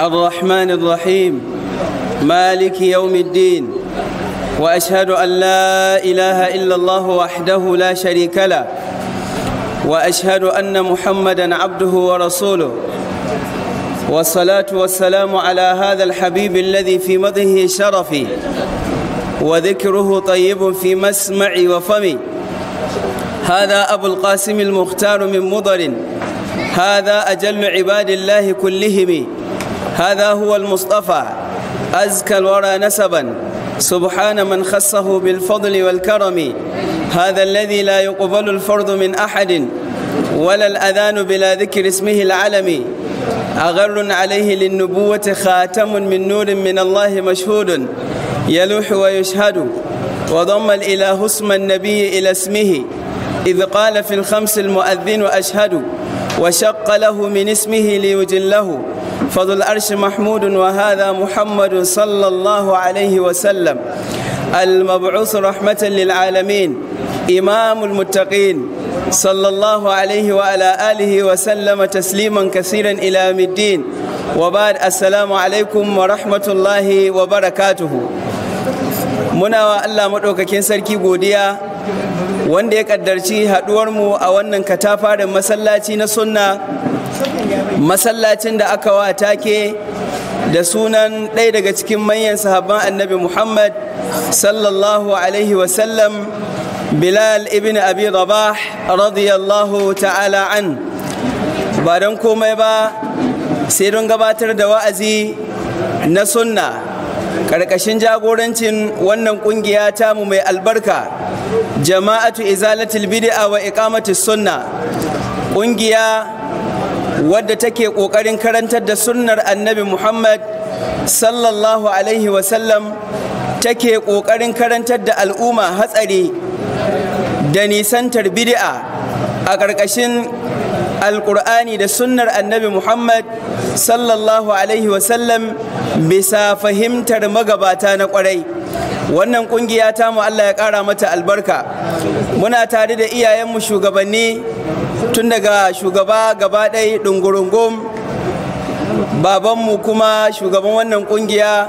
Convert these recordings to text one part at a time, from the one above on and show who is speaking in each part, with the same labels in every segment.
Speaker 1: الرحمن الرحيم مالك يوم الدين واشهد ان لا اله الا الله وحده لا شريك له واشهد ان محمدا عبده ورسوله والصلاه والسلام على هذا الحبيب الذي في مضه شرفي وذكره طيب في مسمعي وفمي هذا ابو القاسم المختار من مضر هذا أجل عباد الله كلهم هذا هو المصطفى أزكى الورى نسبا سبحان من خصه بالفضل والكرم هذا الذي لا يقبل الفرض من أحد ولا الأذان بلا ذكر اسمه العلم أغر عليه للنبوة خاتم من نور من الله مشهود يلوح ويشهد وضم الإله اسم النبي إلى اسمه إذ قال في الخمس المؤذن أشهد وشق له من اسمه ليجله فذو العرش محمود وهذا محمد صلى الله عليه وسلم المبعوث رحمة للعالمين إمام المتقين صلى الله عليه وعلى آله وسلم تسليما كثيرا إلى يوم الدين وبعد السلام عليكم ورحمة الله وبركاته muna wa Allah maɗaukakin sarki godiya wanda ya kaddarci mu a wannan katafarin masallaci na sunna masallacin da aka wa take da sunan ɗaya daga cikin manyan sahabban annabi muhammad sallallahu alaihi wasallam bilal ibn abi rabah radiyallahu ta'ala an ba don komai ba sai don gabatar da wa'azi na sunna ƙarƙashin jagorancin wannan ƙungiya tamu mai albarka jama'atu izalatul bid'a wa iqamati sunna ƙungiya wadda take ƙoƙarin karantar da sunnar annabi muhammad sallallahu alaihi sallam take ƙoƙarin karantar da al'umma hatsari da nisantar bid'a a ƙarƙashin alƙur'ani da sunnar annabi muhammad sallallahu alaihi sallam bisa fahimtar magabata na ƙwarai wannan kungiya ta mu Allah ya ƙara mata albarka muna tare da iyayenmu shugabanni tun daga shugaba gaba ɗai ɗungurungum babanmu kuma shugaban wannan kungiya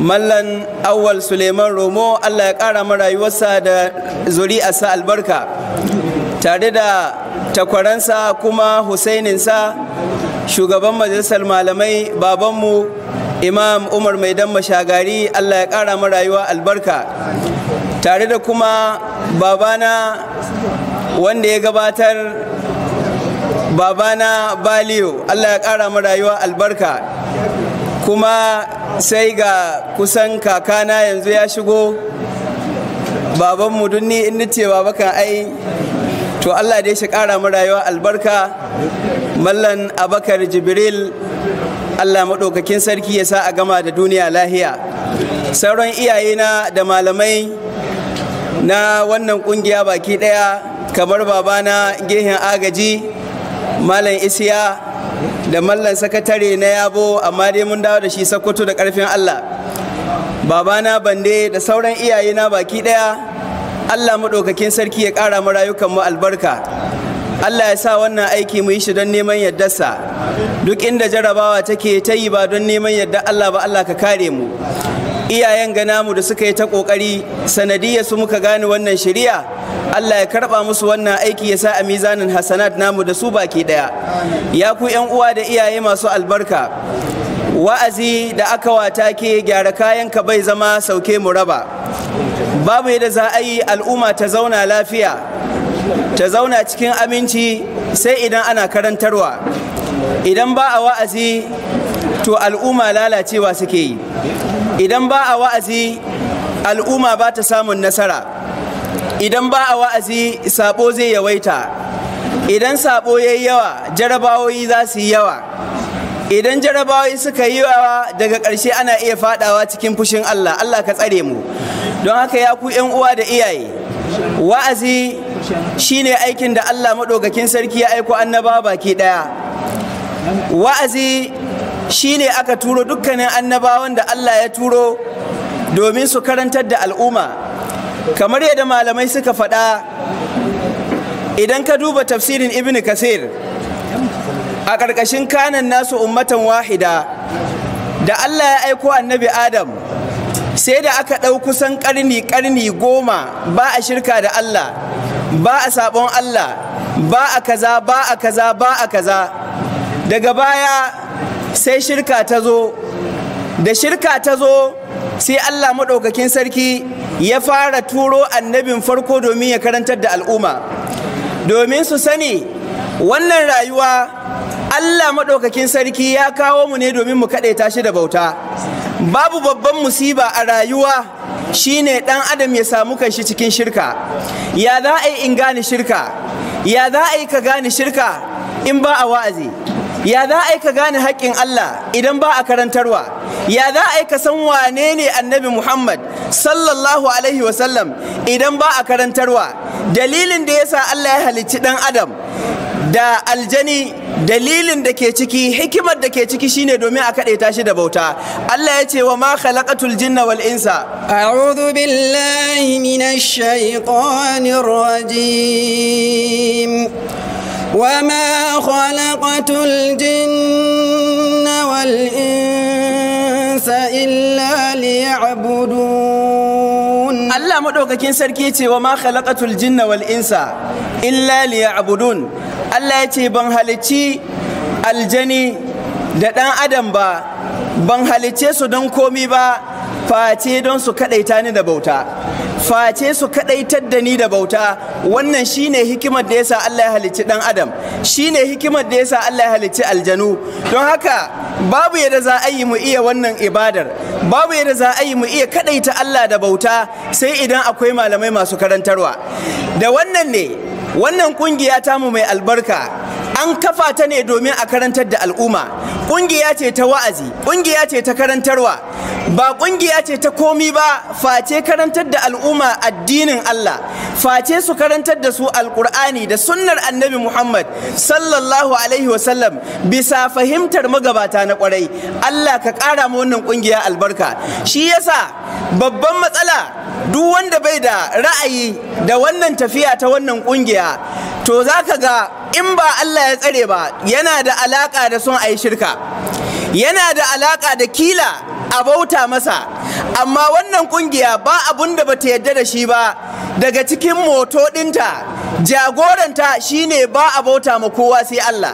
Speaker 1: mallan awwal suleiman romo Allah ya ƙara mara rayuwarsa da zuri'asa albarka tare da takwaransa kuma husaininsa shugaban majalisar malamai babanmu imam umar mai dan mashagari allah ya kara mu rayuwa albarka tare da kuma babana wanda ya gabatar babana baliyo allah ya kara mu rayuwa albarka kuma sai ga kusan kakana yanzu ya shigo babanmu dunni in nace baba kan ai to allah da ya shi kara mu rayuwa albarka mallan abakar jibril Allah maɗaukakin sarki ya sa a gama da duniya lahiya sauran iyayena da malamai na wannan ƙungiya baki ɗaya kamar babana gehen agaji malam isiya da mallan sakatare na yabo amma dai mun dawo da shi sakkwato da ƙarfin Allah babana bande da sauran iyayena baki ɗaya Allah maɗaukakin sarki ya ƙara mu rayukan mu albarka Allah ya sa wannan aiki mu yi shi don neman yardarsa duk inda jarabawa take ta yi ba don neman yardar Allah ba Allah ka kare mu iyayen gana mu da suka yi ta kokari sanadiyya su muka gane wannan shari'a Allah ya karba musu wannan aiki ya sa a mizanin hasanat namu da su baki daya ya ku yan uwa da iyaye masu albarka wa'azi da aka wata ke gyara kayan ka bai zama sauke mu raba babu yadda za a yi al'umma ta zauna lafiya ta zauna cikin aminci sai idan ana karantarwa idan ba a wa'azi to al'umma lalacewa suke yi idan ba a wa'azi al'umma ba ta samun nasara idan ba a wa'azi sabo zai yawaita idan sabo ya yi yawa jarabawoyi za su yi yawa idan jarabawoyi suka yi yawa daga ƙarshe ana iya fadawa cikin fushin allah allah ka tsare mu don haka ya ku yan uwa da iyaye wa'azi Shi ne aikin da Allah maɗaukakin sarki ya aiko annaba baki ɗaya wa'azi shi ne aka turo dukkanin annabawan da Allah ya turo domin su karantar da al'umma kamar yadda malamai suka faɗa idan ka duba tafsirin ibn kasir a ƙarƙashin kanan nasu ummatan wahida da Allah ya aiko annabi adam sai da aka ɗau kusan ƙarni ƙarni goma ba a shirka da Allah ba a sabon Allah ba a kaza ba a kaza ba a kaza daga baya sai shirka ta zo da shirka ta zo sai Allah maɗaukakin sarki ya fara turo annabin farko domin ya karantar da al'umma domin su sani wannan rayuwa Allah maɗaukakin sarki ya kawo mu ne domin mu ta shi da bauta babu babban musiba a rayuwa shine dan adam ya samu kanshi cikin shirka ya za a yi in gane shirka ya za a yi ka gane shirka in ba a wa'azi ya za a yi ka gane haƙƙin Allah idan ba a karantarwa ya za a yi ka san wane ne annabi Muhammad sallallahu alaihi wasallam idan ba a karantarwa dalilin da ya sa Allah ya halicci dan adam da aljani dalilin da ke ciki hikimar da ke ciki shine domin a kaɗe shi da bauta Allah ya ce wa ma khalaqatul jinna wal insa
Speaker 2: a'udhu billahi minash shaitanir rajim wa ma khalaqatul jinna wal insa illa liya'budun
Speaker 1: Allah maɗaukakin sarki ce wa ma khalaqatul jinna wal insa illa abudun. Allah ya ce ban halici aljani da ɗan adam ba ban halice su don komi ba face don su kaɗaita ni da bauta face su kadaitar da ni da bauta wannan shine hikimar da yasa Allah ya halicci dan adam shine hikimar da yasa Allah ya halicci aljanu don haka babu yadda za a yi mu iya wannan ibadar babu yadda za a yi mu iya kadaita Allah da bauta sai idan akwai malamai masu karantarwa da wannan ne wannan kungiya mu mai albarka an kafa ta ne domin a karantar da al'umma ƙungiya ce ta wa'azi ƙungiya ce ta karantarwa ba ƙungiya ce ta komi ba face karantar da al'umma addinin Allah face su karantar da su Alƙur'ani da sunnar annabi Muhammad sallallahu alaihi wasallam bisa fahimtar magabata na ƙwarai. Allah ka ƙara ma wannan kungiya albarka shi yasa babban matsala duk wanda bai da ra'ayi da wannan tafiya ta wannan ƙungiya? to zaka ga in ba Allah ya tsare ba yana da alaka da son ayi shirka yana da alaka da kila a bauta masa amma wannan kungiya ba abun da bata yadda da shi ba daga cikin moto ɗinta jagoranta shine ba a bauta ma kowa sai Allah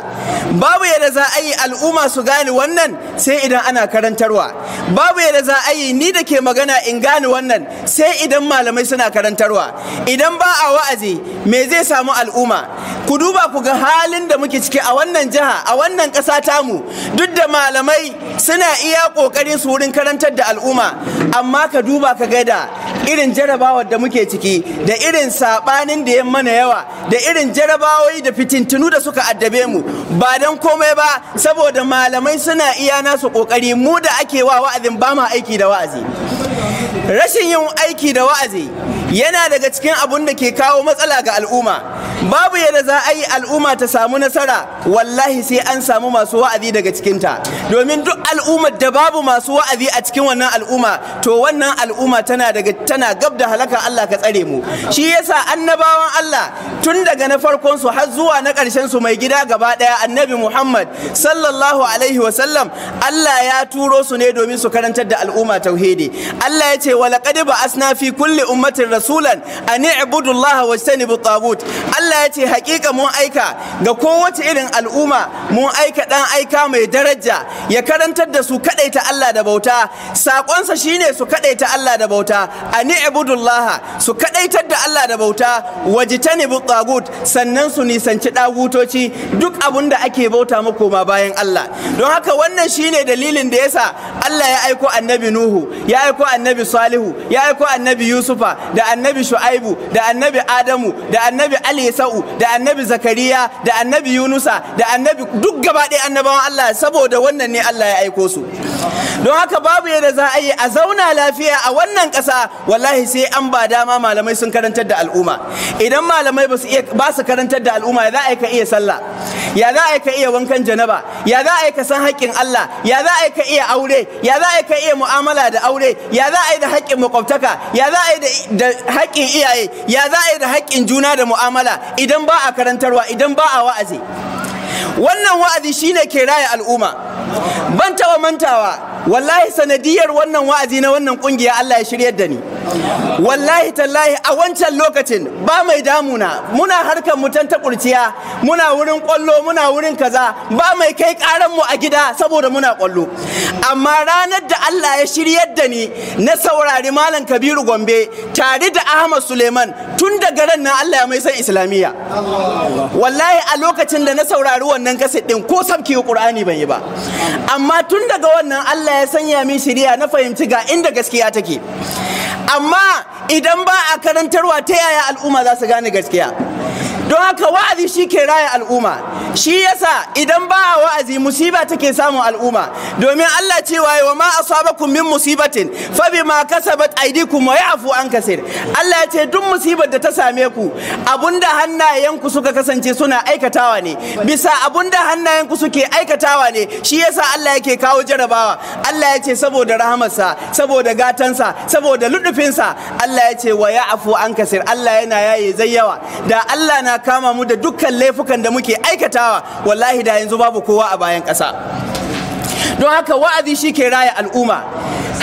Speaker 1: babu yadda za a yi al'umma su gane wannan sai idan ana karantarwa babu yadda za a yi ni da ke magana in gane wannan sai idan malamai suna karantarwa idan ba a wa'azi me zai samu al'umma ku duba ku ga halin da muke ciki a wannan jiha a wannan ƙasa tamu duk da malamai suna iya ƙoƙarin su wurin karantar da al'umma amma ka duba ka gada irin jarabawar da muke ciki da irin saɓanin da ya mana yawa da irin jarabawoyi da fitintunu da suka addabe mu ba dan komai ba saboda malamai suna iya nasu ƙoƙari mu da ake wa wa'azin ba ma aiki da wa'azi rashin yin aiki da wa'azi yana daga cikin abun da ke kawo matsala ga al'umma babu yadda za a yi al'umma ta samu nasara wallahi sai an samu masu wa'azi daga cikinta domin duk al'ummar da babu masu wa'azi a cikin wannan al'umma to wannan al'umma tana daga tana gab da halaka Allah ka tsare mu shi yasa annabawan Allah tun daga na farkon su har zuwa na ƙarshen su mai gida gaba ɗaya annabi Muhammad sallallahu alaihi wa sallam Allah ya turo su ne domin su karantar da al'umma tauhidi Allah ya ce wa laqad ba'asna fi kulli ummatin rasulan ni i'budu Allah sani Allah ya ce hakika mun aika ga kowace irin al'umma mun aika ɗan aika mai daraja ya karantar da su kadaita Allah da bauta sakonsa shine su kadaita Allah da bauta a ni su kadaitar da Allah da bauta wajtanibu tagut sannan su nisanci dagutoci duk abun da ake bauta muku ma bayan Allah don haka wannan shine dalilin da yasa Allah ya aiko annabi Nuhu ya aiko annabi Salihu ya aiko annabi Yusufa da annabi shu'aibu da annabi adamu da annabi alisa'u da annabi zakariya da annabi yunusa da annabi duk gaba ɗaya annabawan allah saboda wannan ne allah ya aiko su don haka babu yadda za a yi a zauna lafiya a wannan ƙasa wallahi sai an ba dama malamai sun karantar da al'umma idan malamai ba su iya ba su karantar da al'umma ya za a ka iya sallah ya za a ka iya wankan janaba ya za a ka san haƙƙin Allah ya za a ka iya aure ya za a ka iya mu'amala da aure ya za a yi da haƙƙin makwabtaka ya za a yi da haƙƙin iyaye ya za a yi da haƙƙin juna da mu'amala idan ba a karantarwa idan ba a wa'azi wannan wa'azi shi ne ke raya al'umma ban taɓa mantawa wallahi sanadiyar wannan wa'azi na wannan kungiya Allah ya shiryar da ni wallahi tallahi a wancan lokacin ba mai damuna muna harkar mutan ta kurciya muna wurin kwallo muna wurin kaza ba mai kai karan mu a gida saboda muna kwallo amma ranar da Allah ya shiryar da ni na saurari malam Kabiru Gombe tare da Ahmad Suleiman tun daga ran nan Allah ya mai san islamiyya wallahi a lokacin da na saurari wannan kaset din ko sabki Qur'ani ban yi ba amma tun daga wannan Allah ya sanya min shiriya na fahimci ga inda gaskiya take amma idan ba a karantarwa ta yaya al'umma za su gane gaskiya don haka wa'azi shi ke raya al'umma shi yasa idan ba a wa'azi musiba take samun al'umma domin Allah cewa wa ma asabakum min musibatin fa bima kasabat aydikum wa ya'fu an kasir Allah ya ce duk musibar da ta same ku abunda hannayenku suka kasance suna aikatawa ne bisa abunda hannayenku suke aikatawa ne shi yasa Allah yake kawo jarabawa Allah ya ce saboda rahamarsa saboda gatansa saboda ludufinsa Allah ya ce wa ya'fu an kasir Allah yana yaye zai yawa da Allah na kama mu da dukkan laifukan da muke aikatawa wallahi da yanzu babu kowa a bayan ƙasa don haka wa'azi shi ke raya al'umma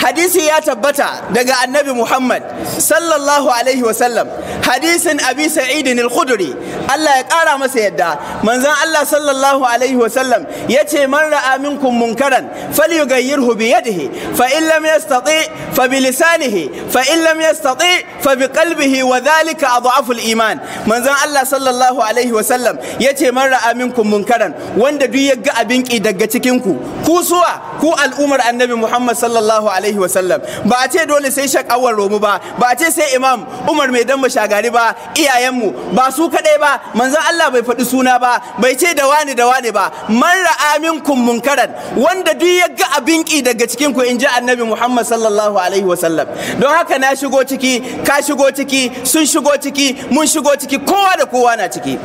Speaker 1: hadisi ya tabbata daga annabi muhammad sallallahu alaihi wasallam hadisin abi sa'idin al-khudri allah ya kara masa yadda manzan allah sallallahu alaihi wasallam ya ce man ra'a minkum munkaran falyughayyirhu bi yadihi fa in lam yastati fa bi lisanihi fa in lam yastati fa bi qalbihi wa dhalika adhafu al-iman manzan allah sallallahu alaihi wasallam ya ce man ra'a minkum munkaran wanda duk ya ga abin ki daga cikin ku ku su zuwa ku al'umar annabi muhammad sallallahu alaihi wasallam ba a ce dole sai shakawar romu ba ba a ce sai imam umar mai dan shagari ba iyayenmu ba su kadai ba manzon allah bai faɗi suna ba bai ce da wani da wani ba man ra'a minkum munkaran wanda duk ya ga abin ki daga cikin ku ji annabi muhammad sallallahu alaihi wasallam don haka na shigo ciki ka shigo ciki sun shigo ciki mun shigo ciki kowa da kowa na ciki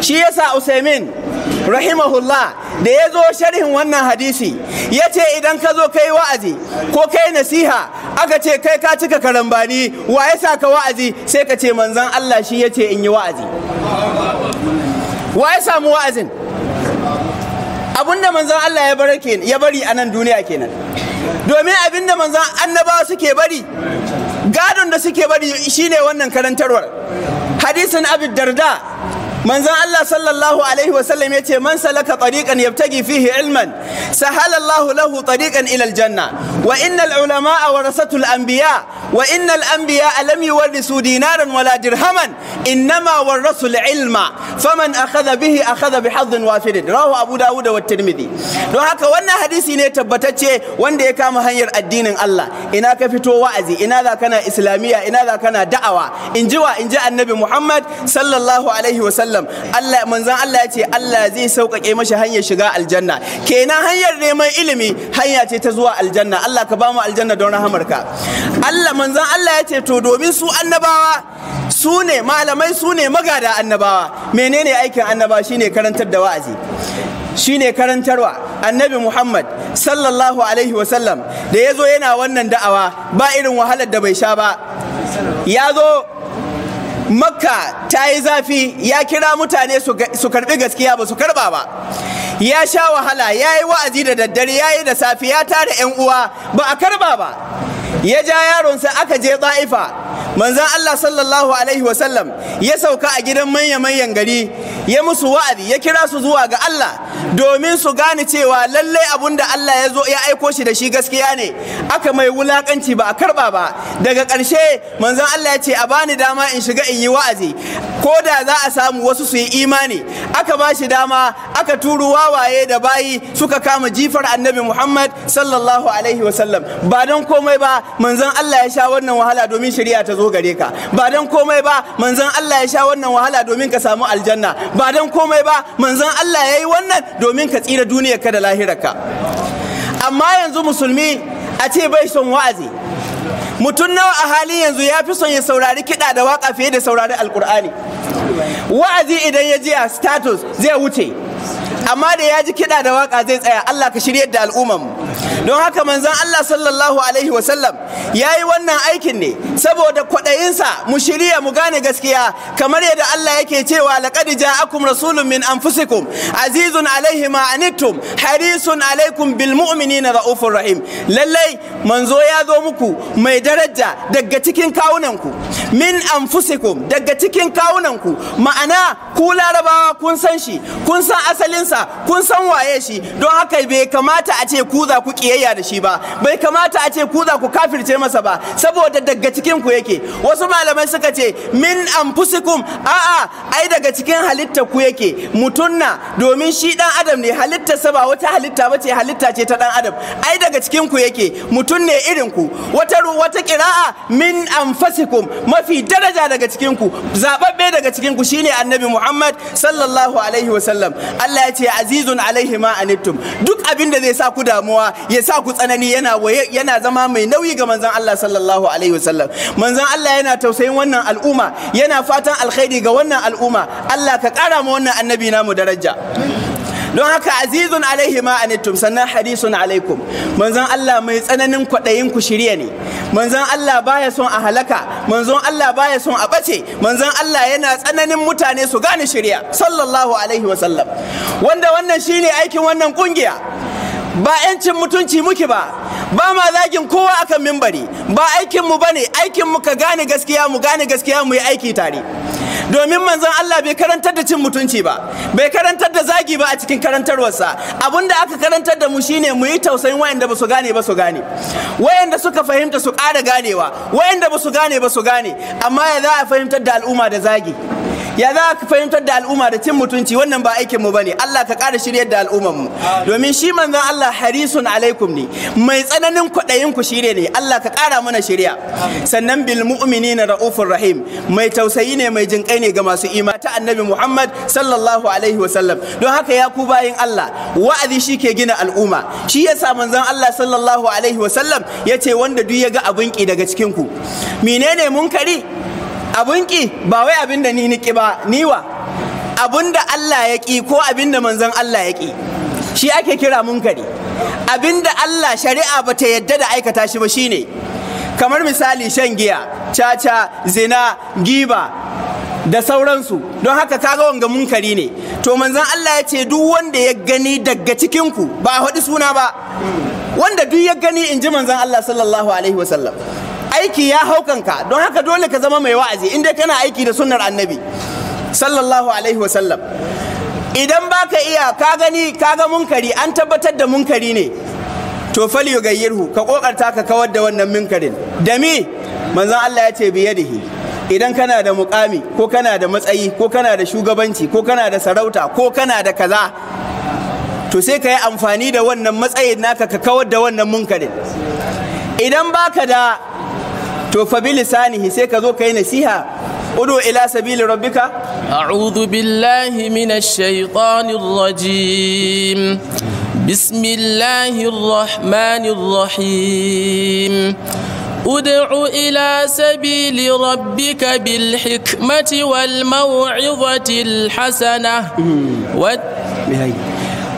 Speaker 1: shi yasa usaimin rahimahullah da ya zo sharhin wannan hadisi ya ce idan ka zo kai wa'azi ko kai nasiha aka ce kai ka cika karambani wa ya sa ka wa'azi sai ka ce manzan Allah shi ya ce in yi wa'azi wa ya samu wa'azin abinda manzan Allah ya bari a nan duniya kenan domin abinda manzan annabawa suke bari gadon da suke bari shine wannan karantarwar hadisin abid darda manzon Allah sallallahu alaihi wasallam yace man salaka tariqan yabtagi fihi ilman sahala Allah lahu tariqan ila aljanna wa innal ulama warasatul anbiya wa innal anbiya lam yuwarrisu dinaran wala dirhaman innama warrasu ilma faman akhadha bihi akhadha bihadhin wafirin rahu abu dawud wa tirmidhi don haka wannan hadisi ne tabbatacce wanda ya kama hanyar addinin Allah ina ka fito wa'azi ina za kana islamiyya ina za kana da'awa in ji wa in ji annabi Muhammad sallallahu alaihi wa sallam Allah manzon Allah ya ce Allah zai sauƙaƙe mashi hanyar shiga aljanna kenan hanyar neman ilimi hanya ce ta zuwa aljanna Allah ka ba mu aljanna don rahamarka Allah manzan Allah ya ce to domin su annabawa su ne malamai su ne magada annabawa menene aikin annaba shine karantar da wa'azi shine karantarwa annabi Muhammad sallallahu alaihi wasallam da ya zo yana wannan da'awa ba irin wahalar da bai sha ba ya zo makka ta yi zafi ya kira mutane su karbi gaskiya ba su karba ba ya sha wahala ya yi wa'azi da daddare ya yi da safi ya tara 'yan uwa ba a karba ba ya ja yaron sai aka je ta'ifa manzan Allah sallallahu alaihi wasallam ya sauka a gidan manya-manyan gari ya musu wa'azi ya kira su zuwa ga Allah domin su gane cewa lallai abun da Allah ya zo ya aiko shi da shi gaskiya ne aka mai wulakanci ba a karɓa ba daga ƙarshe manzan Allah ya ce a bani dama in shiga in yi wa'azi ko da za a samu wasu su yi imani aka ba shi dama aka turu wawaye da bayi suka kama jifar annabi Muhammad sallallahu alaihi wasallam ba don komai ba manzan Allah ya sha wannan wahala domin shari'a ta zo gare ka ba dan komai ba manzon Allah ya sha wannan wahala domin ka samu aljanna ba dan komai ba manzon Allah ya yi wannan domin ka tsira duniyarka da lahirarka amma yanzu musulmi a ce bai son wa'azi mutum nawa a hali yanzu ya fi son ya saurari kiɗa da waka fiye da saurari alƙur'ani wa'azi idan ya ji status zai wuce amma da ya ji kiɗa da waƙa zai tsaya Allah ka shirye da al'umman don haka manzon Allah sallallahu alaihi wasallam ya yi wannan aikin ne saboda kwaɗayinsa mu shirya mu gane gaskiya kamar yadda Allah yake cewa laqad ja'akum rasulun min anfusikum azizun alaihi ma anittum harisun alaikum bil mu'minina raufur rahim lallai manzo ya zo muku mai daraja daga cikin kawunanku min anfusikum daga cikin kawunanku ma'ana ku larabawa kun san shi kun san asalin sa kun san waye shi don haka bai kamata a ce ku za ku kiyayya da shi ba bai kamata a ce ku za ku kafirce masa ba saboda daga cikin ku yake wasu malamai suka ce min anfusikum a'a ai daga cikin halitta ku yake mutum na domin shi dan adam ne sa ba wata halitta ba ce halitta ce ta dan adam ai daga cikin ku yake mutum ne irin ku wata wata kira'a min anfusikum mafi daraja daga cikin ku zababbe daga cikin ku shine annabi Muhammad sallallahu alaihi wasallam Allah ya ce azizun alaihi ma anittum duk abin da zai sa ku damuwa ya sa ku tsanani yana yana zama mai nauyi ga manzon Allah sallallahu alaihi wasallam manzon Allah yana tausayin wannan al'umma yana fatan alkhairi ga wannan al'umma Allah ka kara ma wannan annabi namu daraja don haka azizun alaihi ma anittum sannan hadisun alaikum manzon Allah mai tsananin kwaɗayin ku shirya ne manzon Allah baya son a halaka manzon Allah baya son a bace manzon Allah yana tsananin mutane su gane shirya sallallahu alaihi wa sallam wanda wannan shine aikin wannan kungiya ba 'yancin mutunci muke ba ba ma zagin kowa akan mimbari ba aikinmu bane aikin mu ka gane gaskiya mu gane gaskiya mu yi aiki tare domin manzon Allah bai karantar da cin mutunci ba bai karantar da zagi ba a cikin karantarwarsa da aka karantar da mu shine mu yi tausayin wayanda ba su gane ba su gane wayanda suka fahimta su ƙara ganewa wayanda ba su gane ba su gane amma ya za a fahimtar da al'umma da zagi ya za ka fahimtar da al'umma da cin mutunci wannan ba aikin mu bane Allah ka ƙara shiryar da al'umman mu domin shi manzon Allah harisun alaikum ne mai tsananin kwaɗayin ku shirye ne Allah ka ƙara mana shirya sannan bil mu'minina raufur rahim mai tausayi ne mai jinƙai ne ga masu ima ta annabi Muhammad sallallahu alaihi wasallam don haka ya ku bayin Allah wa'azi shi ke gina al'umma shi yasa manzon Allah sallallahu alaihi wasallam ya ce wanda duk ya ga abin ki daga cikin ku menene munkari abin ki ba wai abin da ni niki ba niwa abin da Allah ya ki ko abin da manzon Allah ya ki shi ake kira munkari abin da Allah shari'a ba ta yadda da aikata shi ba shine kamar misali shan giya caca zina giba da sauransu don haka kaga wanga munkari ne to manzan Allah ya ce duk wanda ya gani daga cikinku ku ba haɗi suna ba wanda duk ya gani in ji manzan Allah sallallahu alaihi wasallam aiki ya haukanka don haka dole ka zama mai wa'azi in dai kana aiki da sunnar annabi sallallahu alaihi wasallam idan baka iya ka gani kaga munkari an tabbatar da munkari ne to fali yugayyirhu ka kokarta ka kawar da wannan munkarin da me Manzan Allah ya ce biyadihi idan kana da mukami ko kana da matsayi ko kana da shugabanci ko kana da sarauta ko kana da kaza to sai ka yi amfani da wannan matsayin naka ka kawar da wannan munkarin idan baka da to fa bi lisanihi sai ka zo ka yi nasiha
Speaker 2: udu ila sabili rabbika a'udhu billahi minash shaitanir rajim bismillahir rahmanir rahim ادع إلى سبيل ربك بالحكمة والموعظة الحسنة
Speaker 1: وات...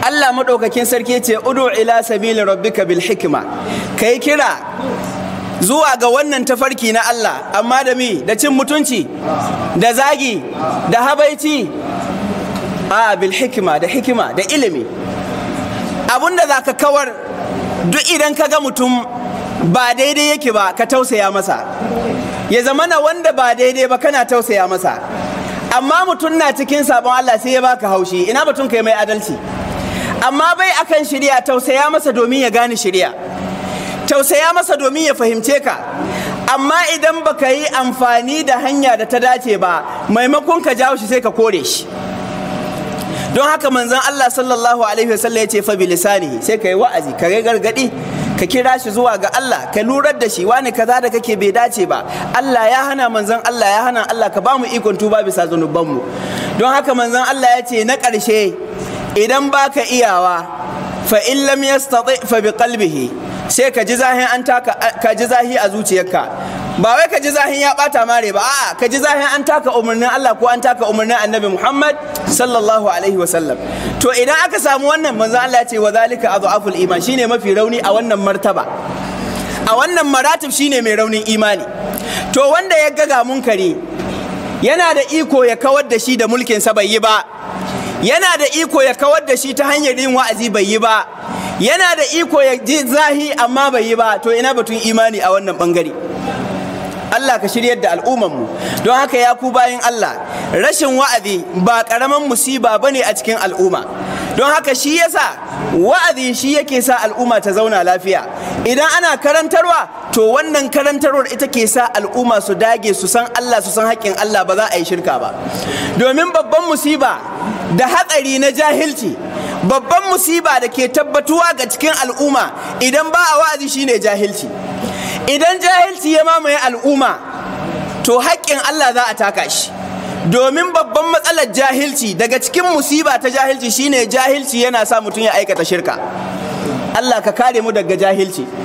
Speaker 1: Allah maɗaukakin sarki ce udu ila سبيل ربك بالحكمة كي kai kira zuwa ga wannan tafarki na Allah amma da mi da cin mutunci da zagi da habaici a bil hikima da hikima da ilimi abinda za ka kawar duk idan ka ga mutum ba daidai yake ba ka tausaya masa ya zama na wanda ba daidai ba kana tausaya masa amma mutum na cikin sabon Allah sai ya baka haushi ina batun kai mai adalci amma bai akan shirya tausaya masa domin ya gane shirya tausaya masa domin ya fahimce ka amma idan baka yi amfani da hanya da ta dace ba maimakon ka jawo shi sai ka kore shi don haka manzon Allah sallallahu alaihi wasallam ya ce fa bilisani sai ka yi wa'azi ka gargadi ka kira shi zuwa ga Allah ka lurar da shi wani kaza da kake bai dace ba Allah ya hana manzon Allah ya hana Allah ka ba mu ikon tuba bisa zanubanmu don haka manzon Allah ya ce na ƙarshe idan baka iyawa fa in lam yastati fa bi qalbihi sai ka ji zahi an taka ka ji zahi a zuciyarka ba wai ka ji zahin ya bata mare ba a'a ka ji zahin an taka umarnin Allah ko an taka umarnin Annabi Muhammad sallallahu alaihi wa sallam to idan aka samu wannan manzo Allah ya ce wa zalika adhaful iman shine mafi rauni a wannan martaba a wannan maratib shine mai raunin imani to wanda ya ga munkari yana da iko ya kawar da shi da mulkin sa bai yi ba yana da iko ya kawar da shi ta hanyar yin wa'azi bai yi ba yana da iko ya ji zahi amma bai yi ba to ina batun imani a wannan bangare Allah ka shiryar da al'umman mu don haka ya ku bayin Allah rashin wa'azi ba karaman musiba bane a cikin al'umma don haka shi yasa wa'azi shi yake sa al'umma ta zauna lafiya idan ana karantarwa to wannan karantarwar ita ke sa al'umma su dage su san Allah su san haƙƙin Allah ba za a yi shirka ba domin babban musiba da hatsari na jahilci babban musiba da ke tabbatuwa ga cikin al'umma idan ba a wa'azi shine jahilci idan jahilci ya mamaye al'umma to haƙƙin Allah za a taka shi domin babban matsalar jahilci daga cikin musiba ta jahilci shine jahilci yana sa mutum ya aikata shirka Allah ka kare mu daga jahilci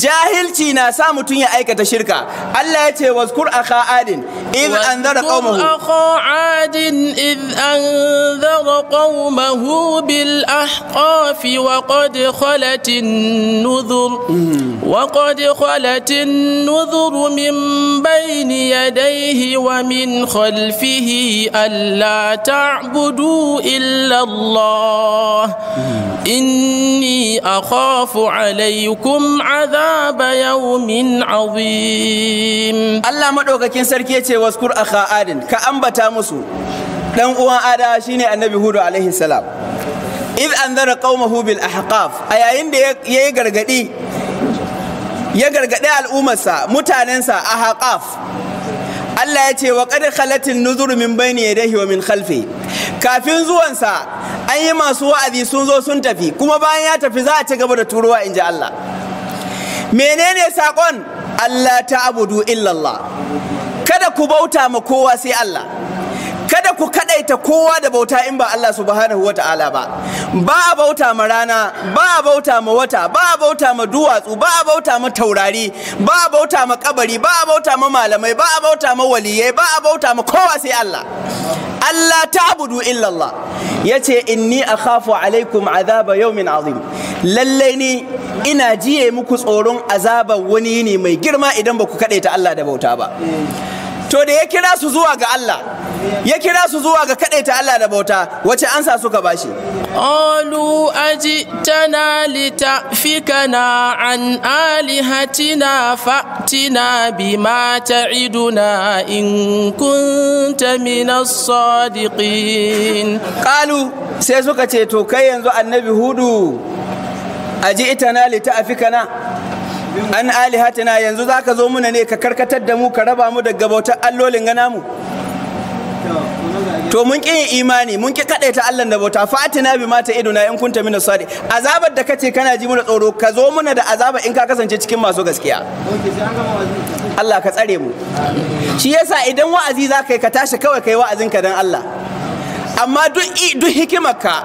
Speaker 1: jahilci na sa mutum ya aikata shirka Allah ya ce
Speaker 2: wazkur akha adin id anzara qaumahu akha adin id anzara qaumahu bil ahqaf wa qad khalat an-nuzur hmm. wa qad khalat an-nuzur min bayni yadayhi wa min khalfihi alla ta'budu illa Allah hmm. inni akhafu alaykum عذاب يوم عظيم Sarki
Speaker 1: مدوكاكين سركي يتي واذكر أخا آدن كأنبتا مسو dan uwan ada shine annabi hudu alaihi salam id anzara qaumahu bil ahqaf a yayin da yayi gargadi ya gargadi al'ummarsa mutanensa ahqaf Allah ya ce wa qad khalatin nuzur min bayni yadayhi wa min khalfi kafin zuwansa an yi masu wa'azi sun zo sun tafi kuma bayan ya tafi za a ci gaba da turuwa inji Allah menene saƙon Allah ta abudu illallah kada ku bauta ma kowa sai Allah kada ku kadaita kowa da bauta in ba Allah subhanahu wa ta'ala ba ba a bauta ma rana ba a bauta ma wata ba a bauta ma duwatsu ba a bauta ma taurari ba a bauta ma kabari ba a bauta ma malamai ba a bauta ma waliyai ba a bauta ma kowa sai Allah Allah ta abudu illallah yace inni akhafu alaikum azaba yawmin azim lallai ni ina jiye muku tsoron azabar wani ne mai girma idan ba ku ta Allah da bauta ba to da ya kira su zuwa ga Allah ya kira su zuwa ga ta Allah da bauta wace ansa suka bashi
Speaker 2: tana ajitana kana, an alihatina fatina bima ta'iduna in kunta minas sadiqin Kalu sai suka ce to kai yanzu annabi hudu aji itana
Speaker 1: li kana? an na yanzu zaka zo muna ne ka karkatar da mu ka raba mu daga bautar allolin gana mu to mun ƙi imani mun ƙi ta Allah da bauta fatina bi mata iduna in kunta mina sadi azabar da kace kana ji muna tsoro ka zo muna da azaba in ka kasance cikin masu gaskiya Allah ka tsare mu shi yasa idan wa'azi za ka yi ka tashi kawai kai wa'azinka dan Allah amma duk hikimarka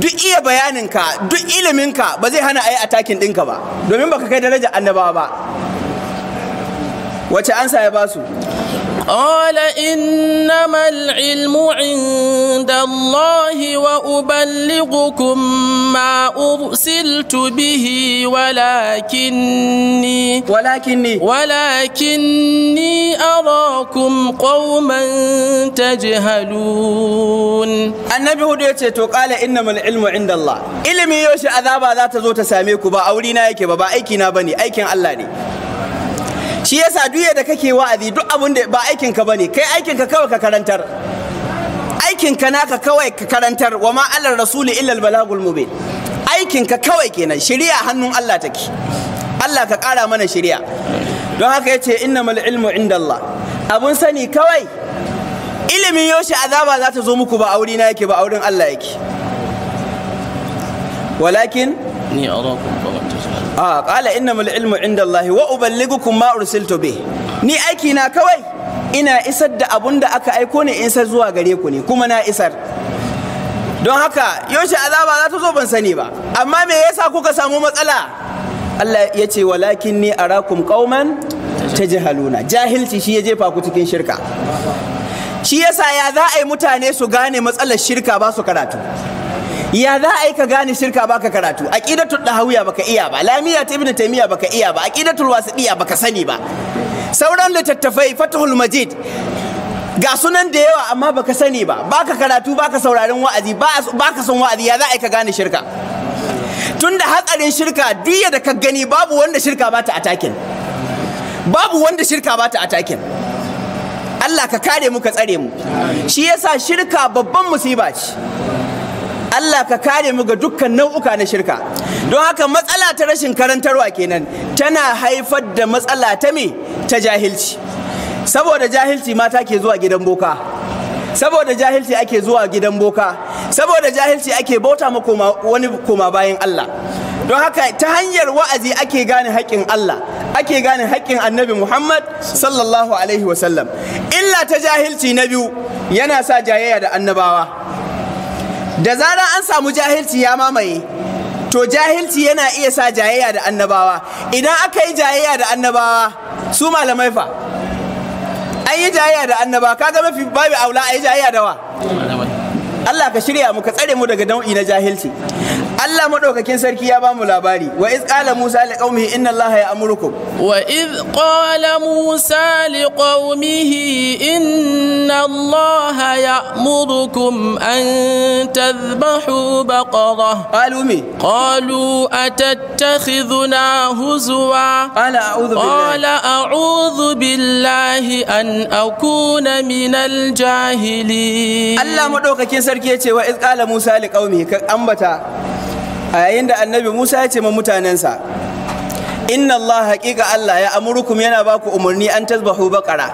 Speaker 1: duk iya bayaninka duk iliminka ba zai hana a yi atakin
Speaker 2: ɗinka ba domin baka kai daraja annabawa ba wace ansa ya basu قال إنما العلم عند الله وأبلغكم ما أرسلت به ولكني ولكني ولكني أراكم قوما تجهلون النبي هو to kala innamal ilmu inda Allah
Speaker 1: ilimi yaushe azaba za ta zo ta same ku ba aurina yake ba ba aikina ba bane aikin Allah ne shi yasa duk da kake wa'azi duk abin da ba aikin ka bane kai aikin ka kawai ka karantar aikin ka naka kawai ka karantar wa ma alal rasuli illa al balagul mubin aikin ka kawai kenan shari'a hannun Allah take Allah ka ƙara mana shari'a don haka yace innamal ilmu inda Allah abun sani kawai ilimin yoshi azaba za ta zo muku ba aure na yake ba auren Allah yake walakin ni arakum Ƙala ah, qala innamal ilmu Allah wa uballigukum ma ursiltu be. ni aiki na kawai ina isar da abun da aka aiko ni in sai zuwa gare ku ne kuma na isar don haka yaushe azaba za ta zo ban sani ba amma me yasa kuka samu matsala Allah ya ce walakin ni arakum qauman tajhaluna jahilci shi ya jefa ku cikin shirka shi yasa ya za a yi mutane su gane matsalar shirka ba su karatu ya za a yi ka gane shirka baka karatu A aqidatul ba baka iya ba lamiya ta ibnu ba baka iya ba A aqidatul ba baka sani ba sauran littattafai fathul majid ga sunan da yawa amma baka sani ba baka karatu baka sauraron wa'azi baka son wa'azi ya za a yi ka gane shirka Tun da hatsarin shirka duk da ka gani babu wanda shirka ba ta atakin babu wanda shirka ba ta atakin Allah ka kare mu ka tsare mu shi yasa shirka babban musiba ce Allah ka kare mu ga dukkan nau'uka na shirka don haka matsala ta rashin karantarwa kenan tana haifar da matsala ta me ta jahilci saboda jahilci mata ke zuwa gidan boka saboda jahilci ake zuwa gidan boka saboda jahilci ake bauta ma wani koma bayan Allah don haka ta hanyar wa'azi ake gane haƙƙin Allah ake gane haƙƙin annabi Muhammad sallallahu alaihi wasallam illa ta jahilci na biyu yana sa jayayya da annabawa da zara an samu jahilci ya mamaye to jahilci yana iya sa jayayya da annabawa idan aka yi jayayya da annabawa su malamai fa an yi jayayya da annaba kaga mafi babu aula a yi jayayya da wa Allah ka shirya mu ka tsare mu daga nau'i na jahilci Allah madaukakin sarki ya bamu labari wa iz qala Musa li qaumihi inna Allah ya'murukum
Speaker 2: wa iz qala Musa li qaumihi inna Allah ya'murukum an tadhbahu baqarah qalu mi qalu atattakhidhuna huzwa qala a'udhu billahi qala a'udhu billahi an akuna minal jahili. Allah madaukakin sarki yace wa
Speaker 1: iz qala Musa li qaumihi ka ambata a yayin da annabi musa ya ce ma mutanensa inna allah haƙiƙa allah ya amurukum yana ba ku umarni an tasbahu baƙara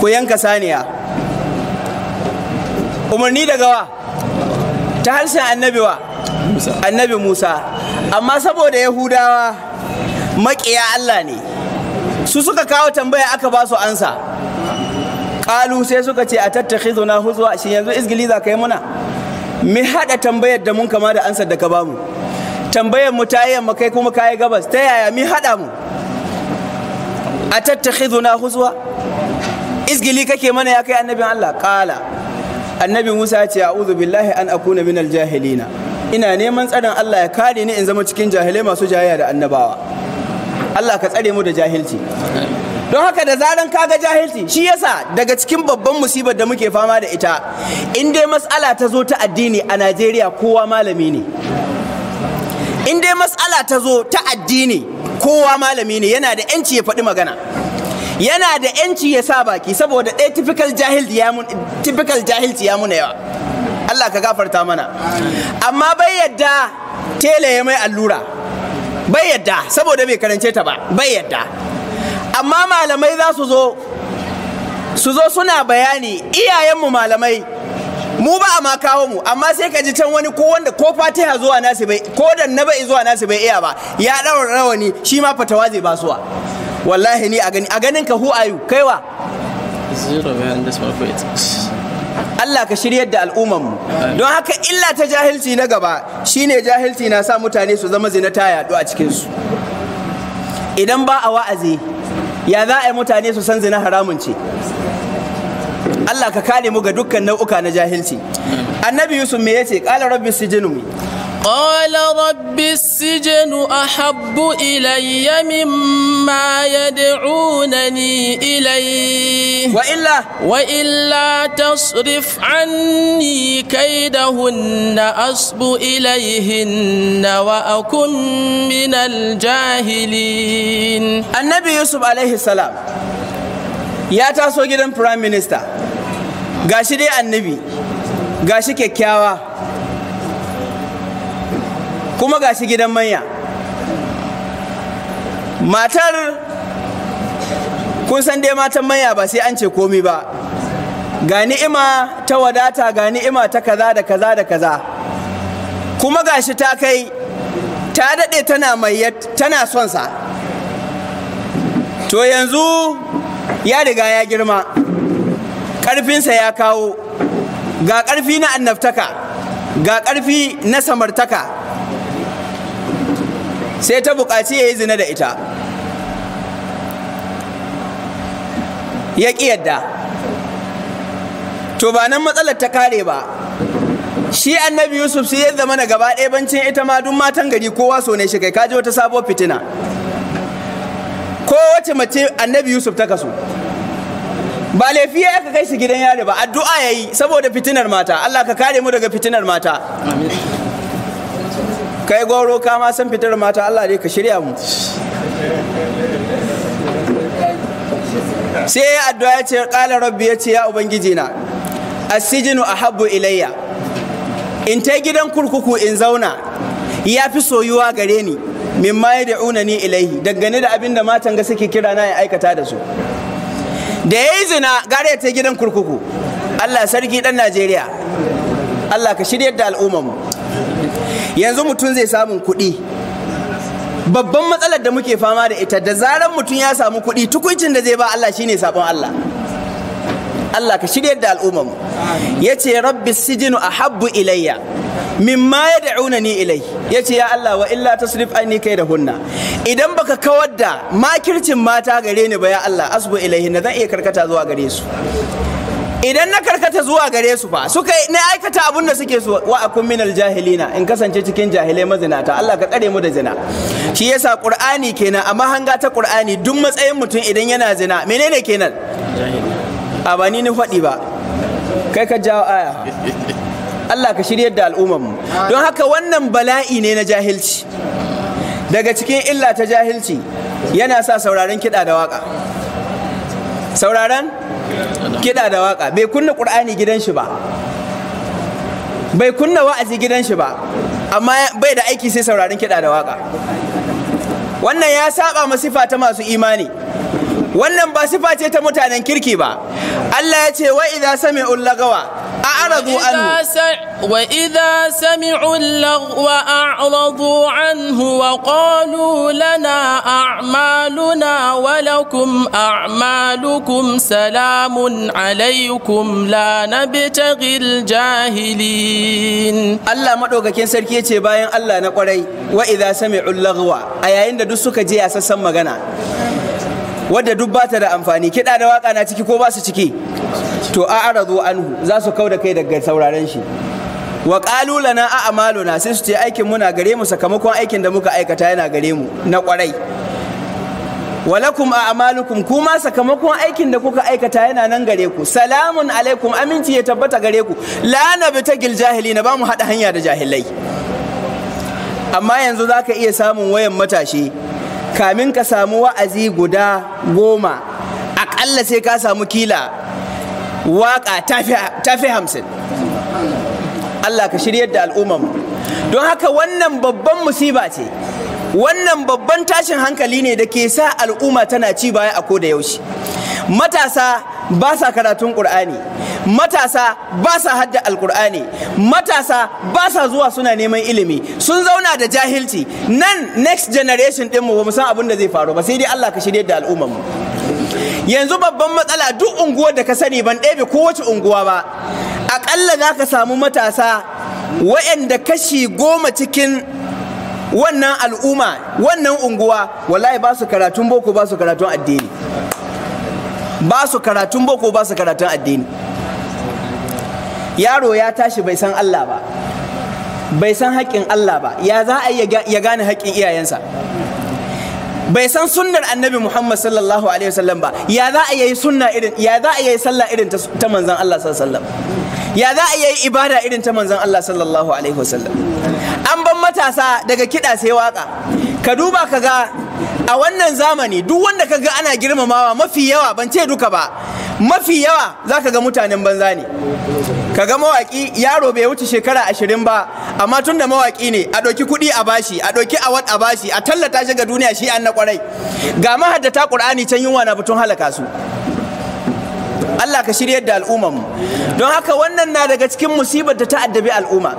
Speaker 1: ku yanka saniya umarni daga wa ta harshen annabi wa annabi musa amma saboda yahudawa maƙiya allah ne su suka kawo tambaya aka ba su ansa ƙalu sai suka ce a tattakhizuna huzwa shi yanzu izgili za ka yi muna mi haɗa tambayar da mun kama da ansar da ka bamu tambayar mu ta yamma kai kuma kayi gabas ta yaya mi haɗa mu a huzwa izgili kake mana ya kai annabin Allah kala annabi Musa ya ce a'udhu billahi an akuna minal jahilina ina neman tsarin Allah ya kare ni in zama cikin jahilai masu jayayya da annabawa Allah ka tsare mu da jahilci don haka da zaran kaga jahilci shi yasa daga cikin babban musibar da muke fama da ita in dai matsala ta zo ta addini a najeriya kowa malami ne in dai matsala ta zo ta addini kowa malami ne yana da yanci ya faɗi magana yana da yanci ya sa baki saboda ɗaya typical jahilci ya mun yawa Allah ka gafarta mana amma bai yadda tela ya mai allura bai yadda saboda bai karance ta ba bai yadda amma malamai za su zo su zo suna bayani iyayenmu malamai mu ba a ma mu amma sai ka ji can wani ko wanda ko fatiha zuwa nasi bai ko da na bai zuwa nasi bai iya ba ya ɗaura rawani shi ma fatawa zai ba suwa wallahi ni a gani a ganin ka hu ayu kaiwa Allah ka shiryar da al'ummar mu don haka illa ta jahilci na gaba shine jahilci na sa mutane su zama zina ta yaɗu a cikin su idan ba a wa'azi ya za a yi mutane su san zina haramun ce Allah ka kare mu ga dukkan nau'uka na jahilci annabi yusuf me yace qala rabbi sijinumi
Speaker 2: قال رب السجن أحب إلي مما يدعونني إليه وإلا وإلا تصرف عني كيدهن أصب إليهن وأكن من الجاهلين النبي يوسف عليه السلام يا
Speaker 1: تاسو gidan prime minister gashi dai annabi gashi kyakkyawa kuma ga shi gidan manya matar kun san dai matan manya ba sai an ce komi ba ga ni'ima ta wadata ga ni'ima ta kaza da kaza da kaza kuma ga shi ta kai ta daɗe tana mai tana son sa to yanzu ya riga ya girma ƙarfinsa ya kawo ga ƙarfi na annabtaka ga ƙarfi na samartaka sai ta buƙaci ya yi zina da ita ya ƙi yadda to ba nan matsalar ta kare ba shi annabi yusuf sai ya zama na gaba ɗaya bancin ita ma duk matan gari kowa so ne shi kai kaji wata sabuwar fitina kowace mace annabi yusuf ta kasu ba laifi ya aka kai shi gidan yari ba addu'a ya yi saboda fitinar mata allah ka kare mu daga fitinar mata kai goro ka ma san fitar mata Allah dai ka shirya mu sai ya addu'a ya ce qala rabbi ya ce ya ubangiji na asijinu habbu ilayya in ta gidan kurkuku in zauna ya fi soyuwa gare ni ma ya da'una ni ilaihi dangane da abin da matan ga suke kira na ya aikata da su da ya yi zina gare ta gidan kurkuku Allah sarki dan Najeriya Allah ka shirya da mu yanzu mutum zai samun kuɗi babban matsalar da muke fama da ita da zarar mutum ya samu kuɗi tukuncin da zai ba Allah shine sabon Allah Allah ka shirya da al'ummar ya ce rabbi sijinu a habbu ilayya mimma ya da'una ni ilai ya ce ya Allah wa illa tasrif anni kai da hunna idan baka kawar da makircin mata gare ni ba ya Allah asbu ilaihin na zan iya karkata zuwa gare su idan na karkata zuwa gare su fa suka na aikata abin da suke so wa akun min jahilina in kasance cikin jahilai mazinata Allah ka tsare mu da zina shi yasa qur'ani kenan amma hanga ta qur'ani duk matsayin mutum idan yana zina menene kenan a ba ni ni faɗi ba kai ka jawo aya Allah ka shiryar da al'ummar mu don haka wannan bala'i ne na jahilci daga cikin illa ta jahilci yana sa sauraron kiɗa da waka sauraron kiɗa da waƙa bai kunna ƙur'ani gidan shi ba bai kunna wa'azi gidan shi ba amma bai da aiki sai saurarin kiɗa da waƙa wannan ya saba ma sifa ta masu imani wannan ba sifa ce ta mutanen kirki ba
Speaker 2: Allah ya ce wa idza sami'ul lagawa a aradu anhu wa idha wa a'radu anhu wa qalu lana a'maluna wa lakum a'malukum salamun alaikum la nabtaghi jahilin
Speaker 1: Allah madaukakin sarki ce bayan Allah na kwarai wa idha sami'u al-laghwa a yayin da duk suka je a sassan magana wadda duk bata da amfani kiɗa da waka na ciki ko basu ciki to a arazo anhu za su kau da kai daga sauraren shi wa qalu lana a'maluna sai su ce aikin muna gare mu sakamakon aikin da muka aikata yana gare mu na kwarai walakum a'malukum kuma sakamakon aikin da kuka aikata yana nan gare ku salamun alaikum aminci ya tabbata gare ku la gil jahili na. Bamu haɗa hanya da jahilai amma yanzu za ka iya samun wayan matashi kamin ka samu wa'azi guda goma aƙalla sai ka samu kila waƙa ta fi hamsin Allah ka shiryar da al'umman don haka wannan babban musiba ce wannan babban tashin hankali ne da ke sa al'umma tana ci baya a da yaushe matasa ba sa karatun ƙur'ani matasa ba sa hadda alƙur'ani matasa ba sa zuwa suna neman ilimi sun zauna da jahilci nan next generation ɗinmu ba mu san abin da zai faru ba sai dai Allah ka shirya da al'ummar mu yanzu babban matsala duk unguwar da ka sani ban ɗebe kowace unguwa ba aƙalla za ka samu matasa waɗanda kashi goma cikin wannan al'umma wannan unguwa wallahi ba su karatun boko ba su karatun addini ba su karatun boko ba su karatun addini yaro ya tashi bai san Allah ba bai san haƙƙin Allah ba ya za a ya gane haƙƙin iyayensa bai san sunnar annabi Muhammad sallallahu alaihi wasallam ba ya za a yi sunna irin ya za a yi sallah irin ta manzon Allah sallallahu alaihi wasallam ya za a yi ibada irin ta manzon Allah sallallahu alaihi wasallam an ban matasa daga kiɗa sai waka ka duba ka ga a wannan zamani duk wanda ka ga ana girmamawa mafi yawa ban ce duka ba mafi yawa za ka ga mutanen banza ne ka ga mawaƙi yaro bai wuce shekara ashirin ba amma tun da mawaki ne a ɗauki kuɗi a bashi a ɗauki awad a bashi a tallata shi ga duniya shi an na ƙwarai ga mahaddata ƙur'ani can yunwa na fitun halaka su Allah ka shiryar da mu don haka wannan na daga cikin musibar da ta addabi al'umma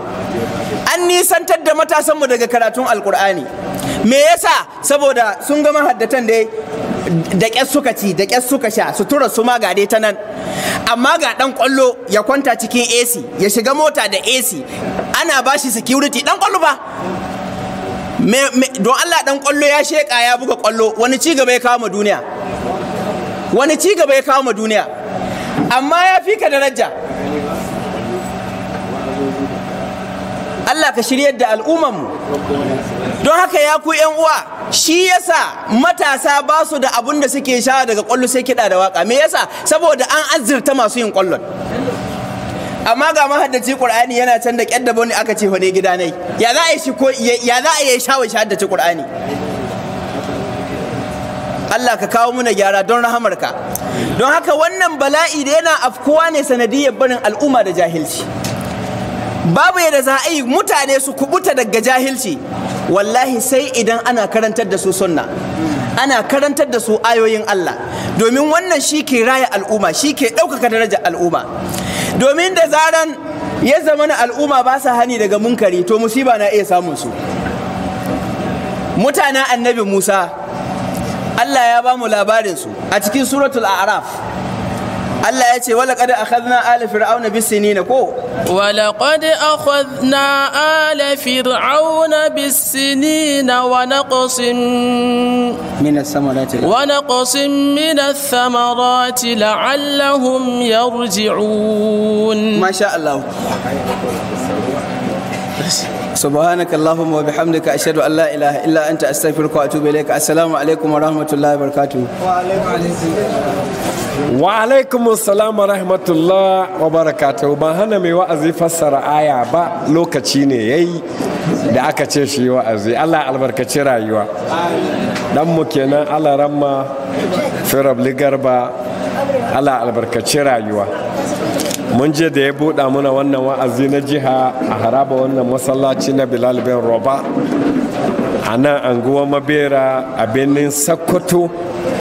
Speaker 1: an nisantar da matasanmu daga karatun alkur'ani me yasa saboda sun ga mahaddatan dai da ƙyar suka ci da ƙyar suka sha sutura su ma ta nan amma ga ɗan ƙwallo ya kwanta cikin ac ya shiga mota da ac ana ba shi security dan kwallo ba don allah ɗan ƙwallo ya sheƙa ya buga kwallo wani ci gaba ya kawo duniya wani ci gaba ya kawo duniya amma ya fi ka daraja allah ka shiryar da mu. don haka ya ku yan uwa shi yasa matasa ba su da abun da suke sha daga kwallo sai kiɗa da waka me yasa saboda an azirta masu yin kwallon amma ga mahaddaci qur'ani yana can da kyadda bane aka ce hone gida nai ya za a yi shi ko ya za a yi shawo shahadaci qur'ani Allah ka kawo mana gyara don rahamarka don haka wannan bala'i da yana afkuwa ne sanadiyar barin al'umma da jahilci babu yadda za a yi mutane su kubuta daga jahilci wallahi sai idan ana karantar da su sunna ana karantar da su ayoyin Allah domin wannan shi ke raya al'umma shi ke ɗaukaka daraja al'umma domin da zaran ya zama na al'umma ba sa hani daga munkari to musiba na iya samun su mutanen annabi musa Allah ya ba mu labarinsu a cikin suratul a'raf Allah ya ce wala qad akhadna ala fir'auna bisinina ko
Speaker 2: wala qad akhadna ala fir'auna bisinina wa naqsim
Speaker 1: min as-samarati wa
Speaker 2: naqsim min as-samarati la'allahum yarji'un masha Allah
Speaker 1: subhanaka allahumma wa bihamdika ashhadu an la ilaha illa anta astaghfiruka wa atubu assalamu alaikum wa rahmatullahi wa barakatuh wa alaikum assalam wa rahmatullahi wa barakatuh ban hana mai wa'azi fassara aya ba lokaci ne yayi da aka ce shi wa'azi Allah albarkaci rayuwa dan mu kenan Allah ramma firab ligarba Allah albarkaci rayuwa mun je da ya buɗa muna wannan wa'azi na jiha a haraba wannan masallaci na bilal bin roba a nan anguwa mabera a birnin sakkwato